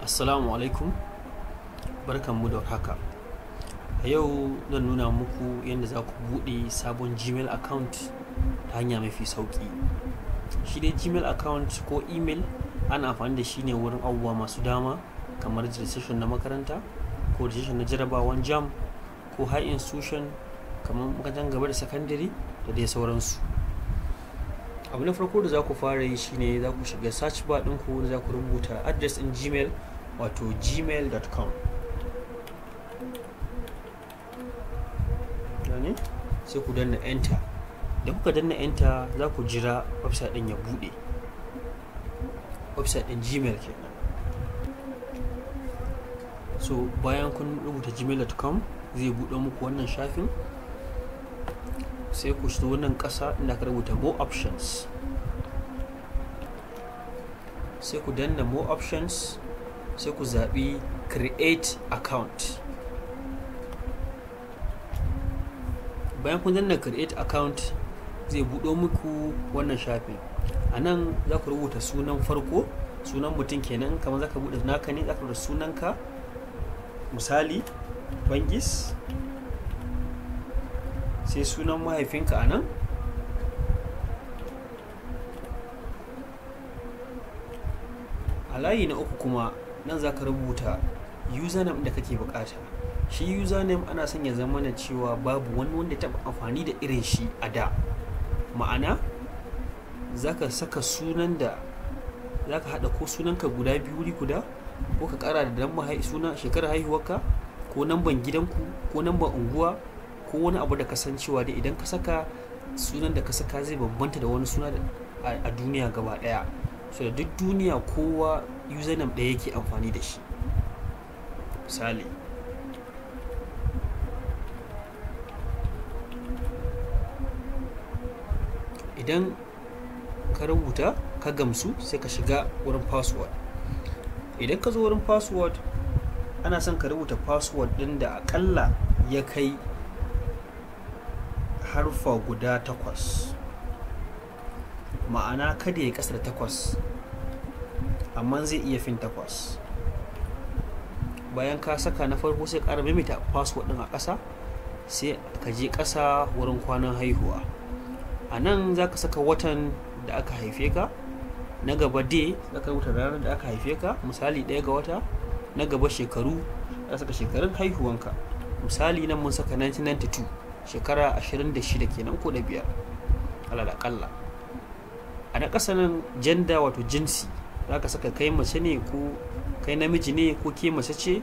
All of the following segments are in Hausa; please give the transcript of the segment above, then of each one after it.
assalamu alaikum barkanmu da haka a yau zan nuna muku yadda za ku buɗe sabon gmail account ta hanya mafi sauƙi shi dai gmail account ko email ana amfani da shi ne wurin abubuwa masu dama kamar registration na makaranta ko registration na jarabawan jam ko high institution kamar makarantar gaba da sakandare da dai sauransu abu na farko da za ku fara yi shine za ku shiga search bar ɗinku da za ku rubuta address in gmail wato gmail.com sai ku danna enter da kuka danna enter za ku jira website ɗin ya buɗe website ɗin gmail kenan so bayan kun rubuta gmail.com zai buɗe muku wannan shafin sai ku shi nan ƙasa inda ka rubuta more options sai ku danna more options sai ku zaɓi create account bayan kun danna create account zai buɗo muku wannan shafin a nan za ku rubuta sunan farko sunan mutum kenan kamar za ka buɗe naka ne za ka rubuta sunanka misali bangis sai sunan mahaifinka a nan a layi na uku kuma nan za ka rubuta username da kake bukata shi username ana son ya zama na cewa babu wani wanda taɓa amfani da irin shi a da ma'ana za ka saka sunan da za ka haɗa ko sunanka guda biyu guda ko ka ƙara da dan sunan shekarar haihuwarka ko namban gidanku ko namban unguwa ko wani abu da cewa dai idan ka saka sunan da ka saka zai bambanta da wani suna a duniya gaba daya so da duk duniya kowa username daya yake amfani da shi misali idan ka rubuta ka gamsu sai ka shiga wurin password idan ka zo wurin password ana son ka rubuta password ɗin da akalla ya kai harfa guda takwas ma'ana kada ya kasar takwas amma zai iya fin takwas bayan ka saka na farko sai ƙara mimita password ɗin a ƙasa sai ka je ƙasa wurin kwanan haihuwa a nan za ka saka watan da aka haife ka na gaba dai za ka rubuta ranar da aka haife ka misali ɗaya ga wata na gaba shekaru za saka shekarun haihuwanka misali nan mun saka 1992 shekara 26 kenan ko da biyar ala da kalla a na nan janda wato jinsi za ka saka kai mace ne ko kai namiji ne ko ke mace ce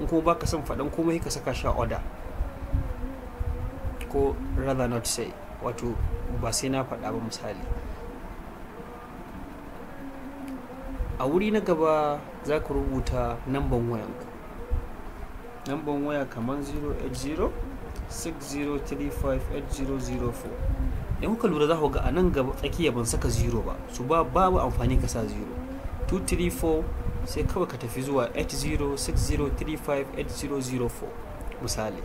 in kuma baka son faɗan komai ka saka sha oda ko rather not say wato ba sai na faɗa ba misali a wuri na gaba za ka rubuta namban wayanku namban waya kamar 080 60358004 idan kuka lura za ku ga a nan gaba tsakiya ban saka 0 ba su ba babu amfani ka sa 0 234 sai kawai ka tafi zuwa 8060358004 misali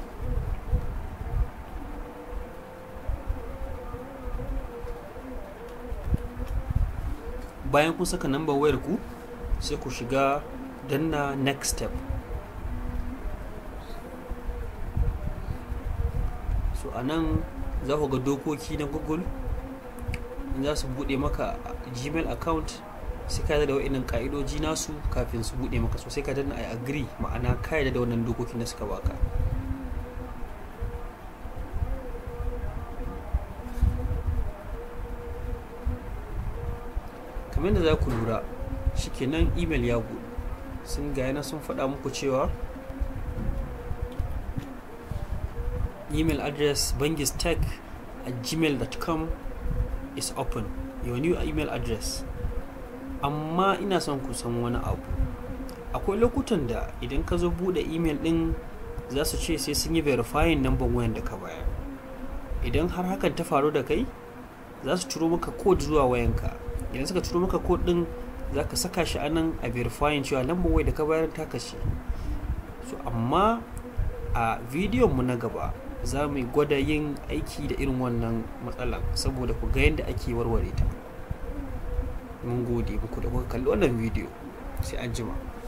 bayan kun saka nambar wayar ku sai ku shiga danna next step to a nan za ku ga dokoki na google in za su bude maka gmail account sai ka da wa'in ka'idoji nasu kafin su bude maka sosai ka danna i agree ma'ana ka da wannan dokokin da suka baka kamar da za ku lura shikenan email ya gudu sun gaya na sun faɗa muku cewa email address bangistech at gmail.com is open your new email address amma ina son ku san wani abu akwai lokutan da idan ka zo bude email din za su ce sai sun yi verifying number wayan da ka bayar idan har hakan ta faru da kai za su turo maka code zuwa wayanka idan suka turo maka code din za ka saka shi a nan a verifying cewa lambar waya da ka bayar ta kashe so amma a video mu na gaba za mu gwada yin aiki da irin wannan matsalan saboda ku ga yadda ake warware ta mun gode muku da kuka kalli wannan bidiyo sai an jima